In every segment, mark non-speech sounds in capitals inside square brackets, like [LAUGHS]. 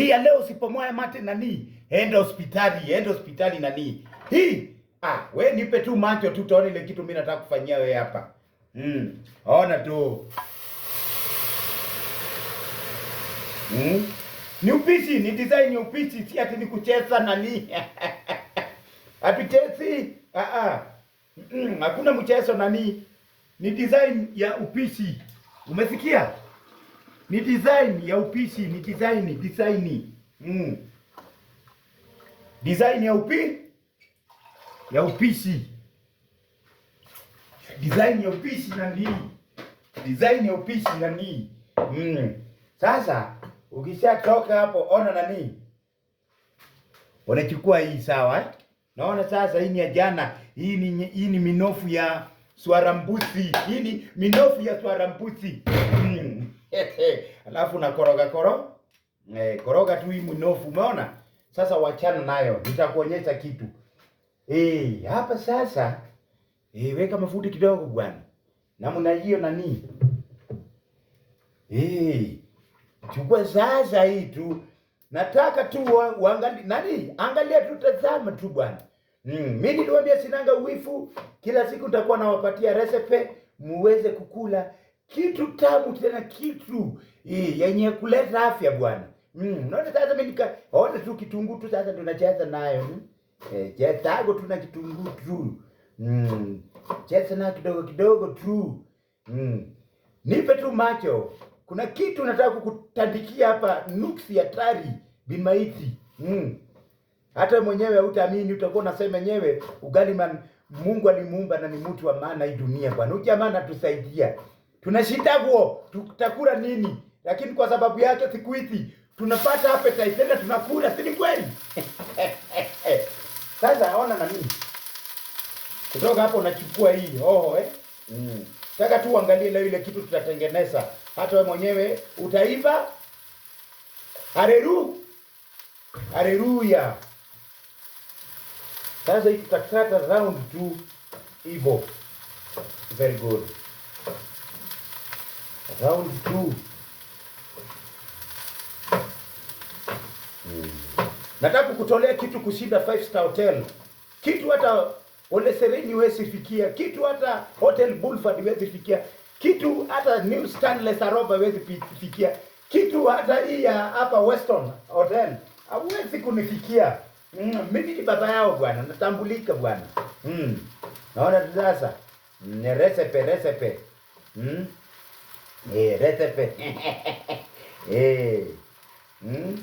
Hii ya leo usipomoa mate nani? Enda hospitali, enda hospitali nani? Hii ah, we nipe tu macho tu tuone ile kitu mimi nataka kufanyia we hapa. Mm. Ona tu. Mm. Ni upishi, ni design ni upishi, si ati ni kucheza nani. Apitesi? [LAUGHS] Ah ah. Mm, hakuna mchezo nani. Ni design ya upishi. Umesikia? ni design ya upishi, ni design design, mm. design ya upi ya upishi, design ya upishi na nini, design ya upishi na nini. Mm. Sasa ukishatoka hapo, ona nini? unachukua hii, sawa eh? Naona sasa hii ni ya jana, hii ni hii ni minofu ya swarambusi, hii ni minofu ya swarambusi. [LAUGHS] alafu nakoroga koro eh, koroga tu hii mnofu, umeona? Sasa wachana nayo, nitakuonyesha kitu eh, hapa sasa eh, weka mafuta kidogo bwana, namna hiyo nani eh, chukua sasa hii tu nataka tu uangalie nani, angalia tu, tazama tu bwana. Mm, mimi niliwaambia sinanga uwifu, kila siku nitakuwa nawapatia recipe muweze kukula kitu tamu tena kitu e, yenye kuleta afya bwana. Mm, naona sasa mimi nikaona tu kitunguu tu sasa tunacheza nayo. Mm. Eh, cheza hapo tu na kitunguu tu. Mm. Cheza na kidogo kidogo tu. Mm. Nipe tu macho. Kuna kitu nataka kukutandikia hapa nuksi hatari bimaiti. Mm. Hata mwenyewe hutaamini, utakuwa unasema yenyewe ugali man, Mungu alimuumba na ni mtu wa maana hii dunia bwana. Ujamaa jamaa anatusaidia tunashindagwo tutakula nini, lakini kwa sababu yake siku hizi tunapata appetite tena tunakula, si ni kweli? [LAUGHS] Sasa aona na mimi kutoka hapo unachukua hii hoho eh? Mm. Taka tu uangalie leo ile kitu tutatengeneza, hata wewe mwenyewe utaiva. Haleluya, haleluya. Sasa hii tutakata round tu hivyo, very good round two. Hmm. Nataka kukutolea kitu kushinda five star hotel. Kitu hata Ole Sereni huwezi fikia, kitu hata Hotel Boulevard huwezi fikia, kitu hata New Stanley Saroba huwezi fikia, kitu hata hii ya hapa Weston Hotel hauwezi kunifikia. Mm, mimi ni baba yao bwana, natambulika bwana. Mm. Naona sasa. Ni hmm, recipe recipe. Mm. Eh, Retepe. [LAUGHS] Eh, hmm?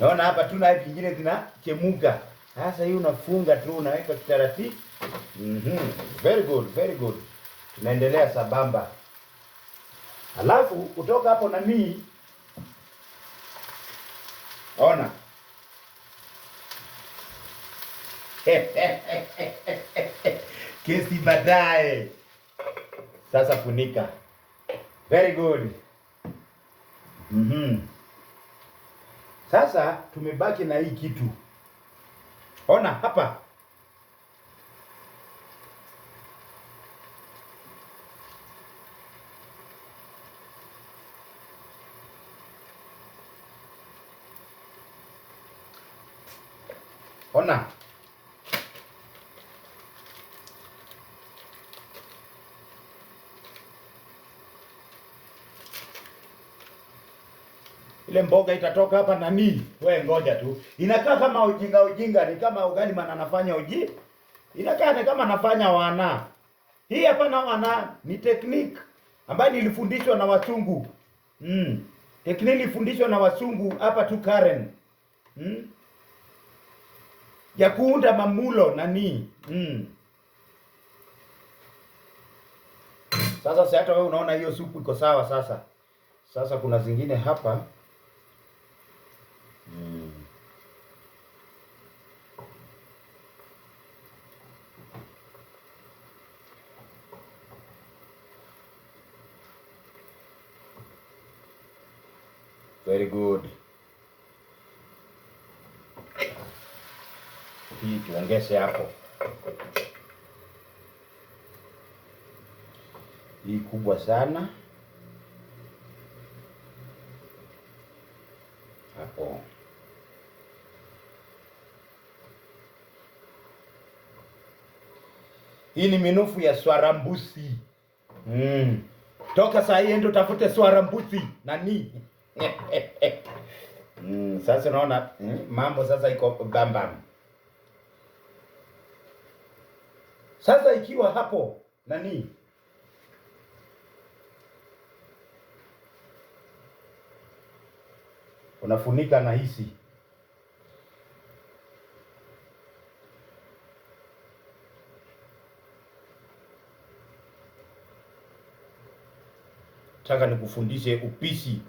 Naona hapa tuna kingine chemuka Sasa hii unafunga tu unaweka kitarati. Mhm. very good, very good. Tunaendelea sabamba. Alafu kutoka hapo na mii ona [LAUGHS] kesi baadaye. Sasa funika. Very good. Mm-hmm. Sasa tumebaki na hii kitu. Ona hapa. Ona. ile mboga itatoka hapa na mii, we ngoja tu. Inakaa kama ujinga ujinga, ni kama ugali maana anafanya uji, inakaa ni kama anafanya wana hii hapa na wana. Ni technique ambayo nilifundishwa na wasungu mm. Technique nilifundishwa na wasungu hapa tu Karen mm. ya kuunda mamulo nani mm. Sasa si hata wewe unaona hiyo supu iko sawa sasa. Sasa kuna zingine hapa very good. Hii tuongeze hapo, hii kubwa sana hapo. Hii ni minofu ya swarambusi. Mm. Toka saa hii endo tafute swarambusi nani Eh, eh, eh. Mm, sasa unaona mm, mambo sasa iko bambam. Sasa ikiwa hapo nani unafunika na hisi taka nikufundishe upishi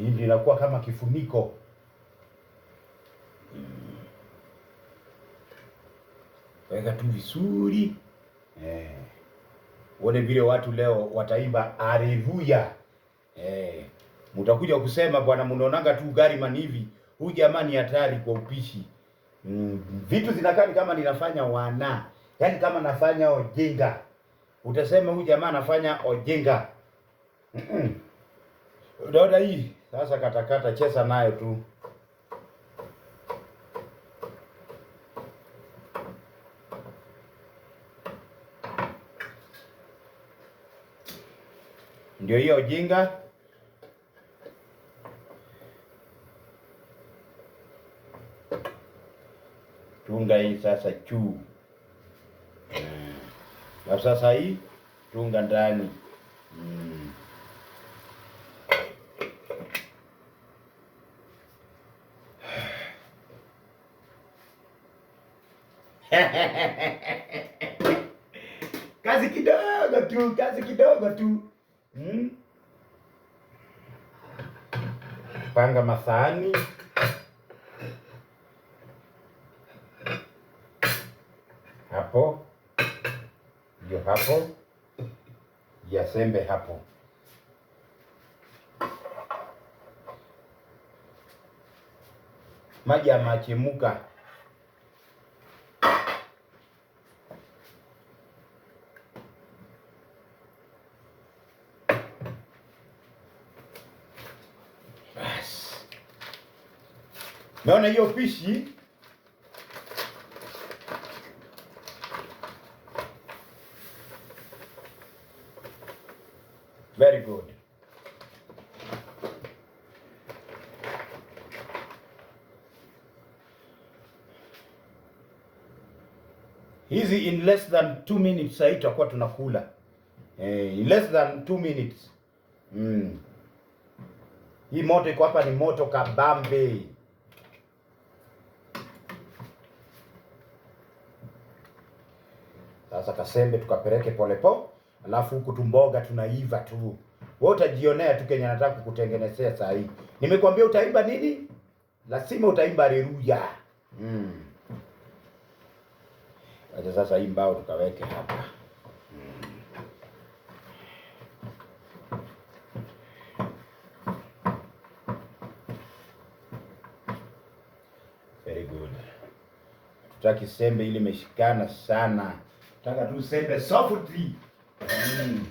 hili linakuwa kama kifuniko Weka tu vizuri eh. Uone vile watu leo wataimba haleluya eh. Mutakuja kusema bwana, mnaonanga tu Gariman hivi, huyu jamaa ni hatari kwa upishi mm. Vitu zinakaa kama ninafanya wana, yaani kama nafanya ojenga, utasema huyu jamaa anafanya ojenga. Dada hii sasa katakata, cheza nayo tu. Ndio hiyo ujinga. Tunga hii sasa juu, eh. na sasa hii tunga ndani mm. [LAUGHS] kazi kidogo tu, kazi kidogo tu hmm? Panga masahani hapo, ndio hapo, yasembe hapo. Maji yamechemka. Naona hiyo fishi very good. Hizi in less than 2 minutes sasa tutakuwa tunakula eh, in less than 2 minutes mm. Hii moto iko hapa ni moto kabambe. Sasa kasembe tukapeleke polepole, alafu huku tu mboga tunaiva tu. Wewe utajionea tu Kenya, nataka kukutengenezea saa hii. Nimekwambia utaimba nini? Lazima utaimba haleluya. Mm. Acha sasa hii mbao tukaweke hapa. Mm. Very good. Tutaki sembe ili imeshikana sana. Nataka tuseme softly mm.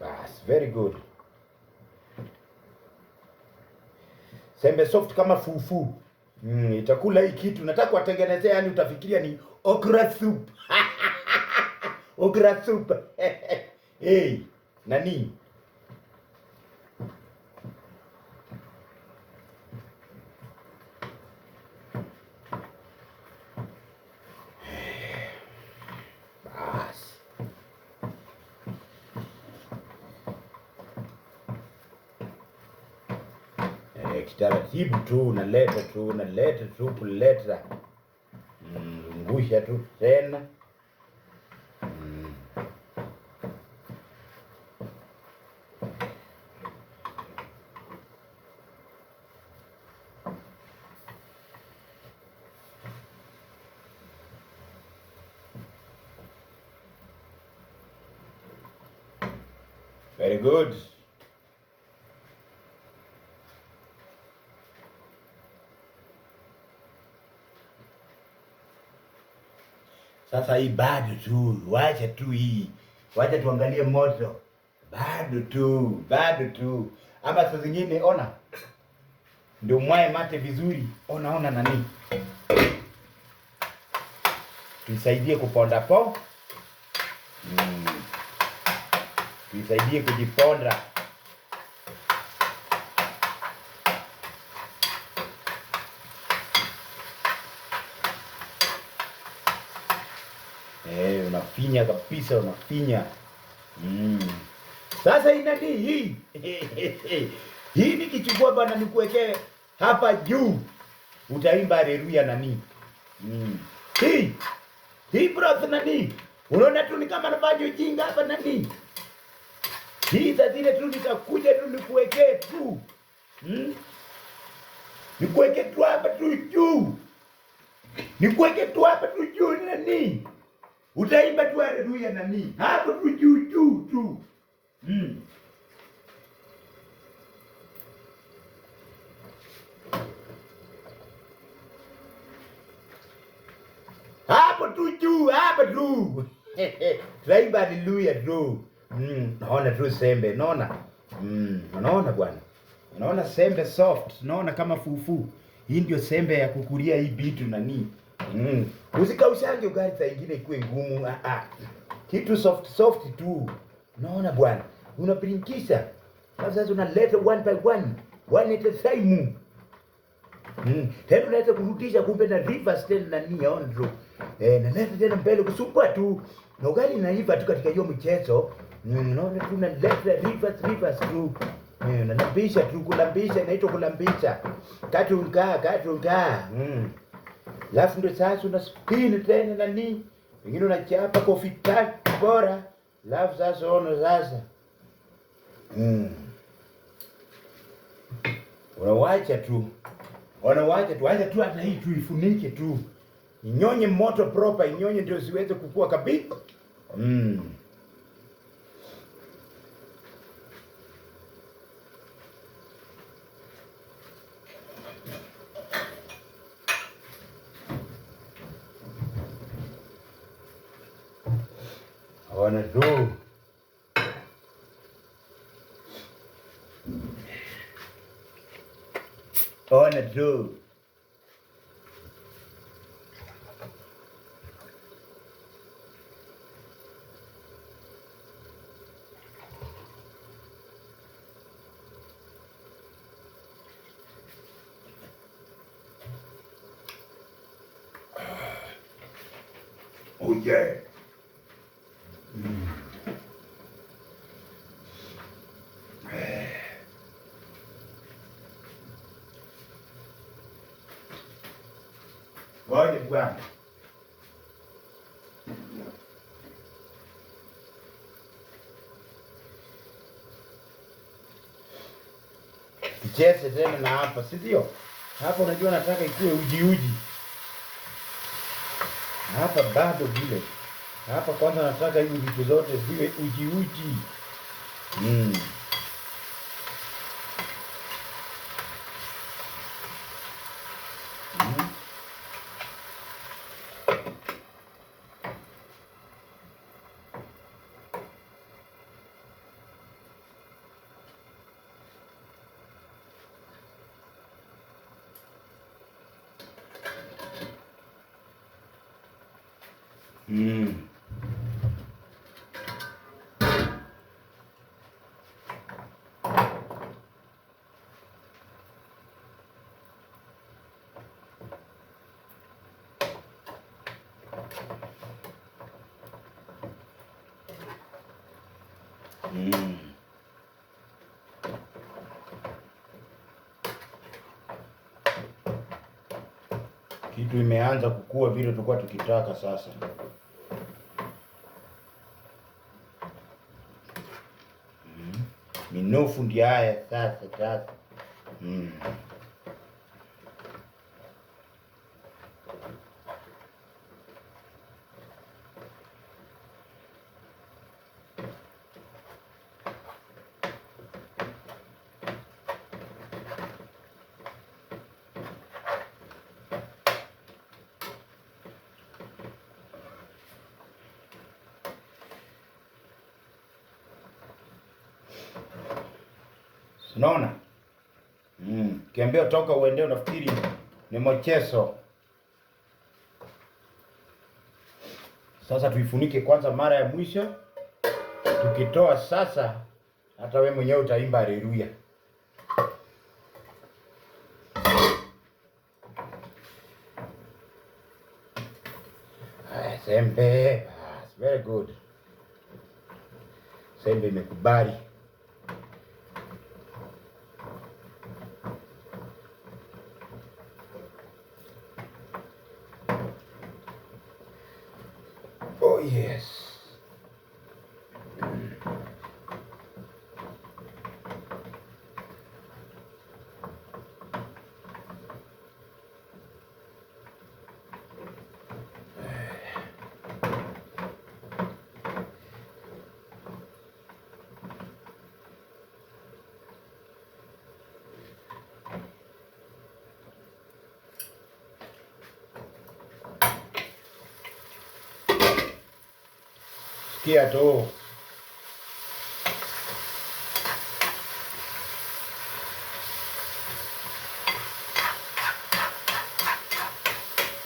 Bas, very good. Sembe soft kama fufu mm, itakula hii kitu. Nataka kuwatengenezea, yani utafikiria ni okra soup [LAUGHS] okra soup [LAUGHS] hey, nani jibu tu unaleta tu unaleta tu kuleta zungusha mm, tu tena mm. Very good. Sasa hii bado tu, wacha tu hii, wacha tuangalie moto bado tu, bado tu. Ama saa zingine ona, ndio mwae mate vizuri, ona ona nani, tuisaidie kuponda po, hmm. tuisaidie kujiponda. Eh, unafinya kabisa, unafinya mm. Sasa inadi hii hii nikichukua bana, nikuwekee hapa juu, utaimba haleluya nani mm. hii hii broth nani, unaona tu ni kama nafanya ujinga hapa nani hii zazile tu nitakuja tu nikuwekee tu mm. nikuweke tu hapa tu juu, nikuweke tu hapa tu juu nani Utaimba tu haleluya nani hapo tu juu juu tu mm. hapo tu juu hapo tu [LAUGHS] tutaimba haleluya tu mm. naona tu sembe naona mm. naona bwana naona sembe soft naona kama fufu hii ndio sembe ya kukulia hii bitu nani mm. Usikaushange ugali saa ingine ikuwe ngumu. Ah, ah, kitu soft soft tu. Unaona bwana, unapinkisha sasa, unaleta one by one one at a time mm. Tena unaweza kurudisha, kumbe na reverse tena na nia on draw eh, na leta tena mbele kusukwa tu na ugali inaiva tu katika hiyo mchezo mm. Unaona tu na leta reverse reverse tu eh, hmm, na lambisha tu, kulambisha inaitwa kulambisha, kati unkaa kati unkaa mm. Alafu ndio sasa una spin tena nani, pengine unachapa kofi tatu bora, alafu sasa ona sasa mm. Unawacha tu unawacha tu, acha tu, hata hii tu ifunike tu, inyonye moto proper, inyonye ndio ziweze kukua kabisa mm. do. Oh yeah. jeze tena na hapa, si ndio? Hapa unajua nataka ikuwe uji uji. Hapa bado vile. Hapa kwanza nataka hivi vitu zote ziwe uji uji. Mm. Mm. Kitu imeanza kukua vile tulikuwa tukitaka sasa. Mm. Minofu ndio haya sasa sasa. Mm. Unaona? Mm. Kiambia toka uende unafikiri ni mchezo. Sasa tuifunike kwanza mara ya mwisho. Tukitoa sasa hata wewe mwenyewe utaimba haleluya. Sembe, very good. Sembe imekubali. Oh, yes. kupikia tu.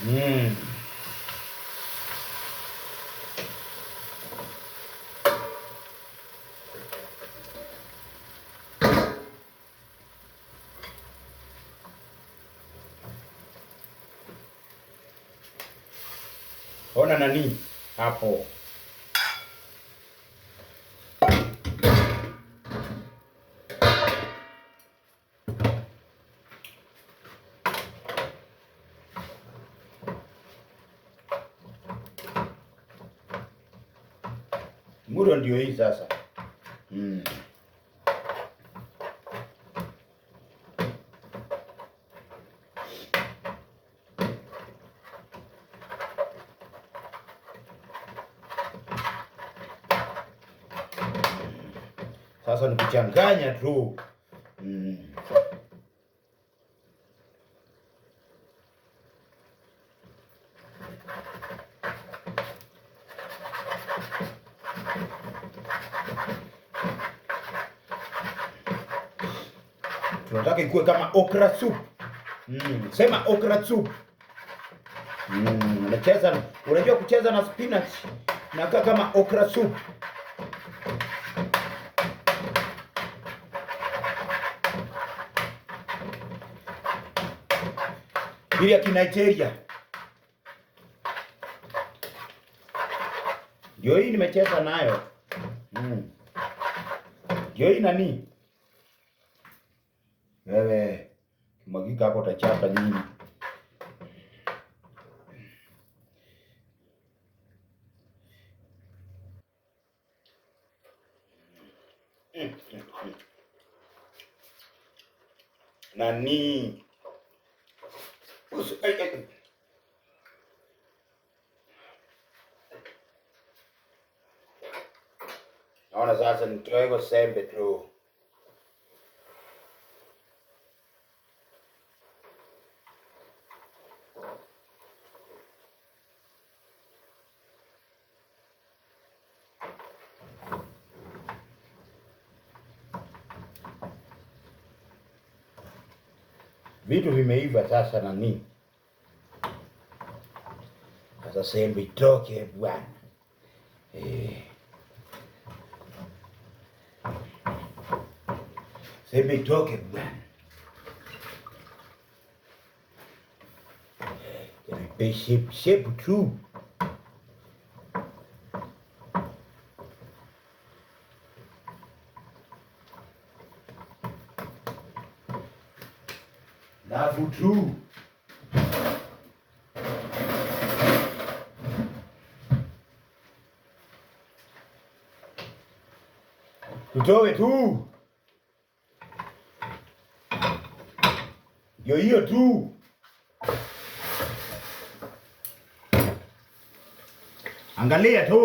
Mm. Ona nani hapo? hatua ndio hii sasa. Mm. Sasa ni kuchanganya tu. ikuwe kama okra soup. Mm. Sema okra soup. Mm. Unacheza, unajua kucheza na spinach nakaa kama okra soup. Ile ya Kinigeria. Ndio hii nimecheza nayo. Mm. Ndio hii nani? Wewe kimwagika hapo utachapa nini? Nani? Naona sasa nitoe kwa sembe tu. vitu vimeiva sasa na nini sasa, sembe itoke bwana eh, sembe itoke bwana eh, shape shape tu two. Tutoe tu yo hiyo tu angalia tu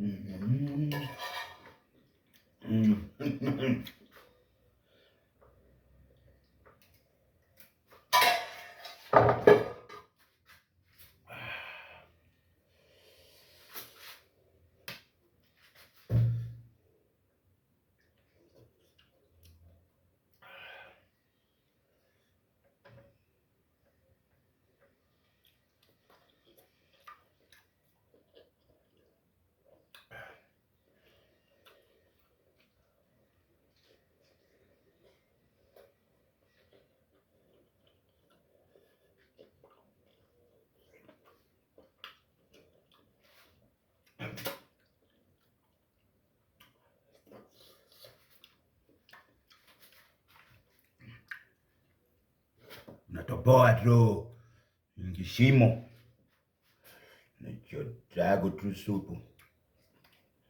嗯。corpóreo de Shimon. eu trago outro suco.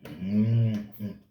hum. Mm-hmm.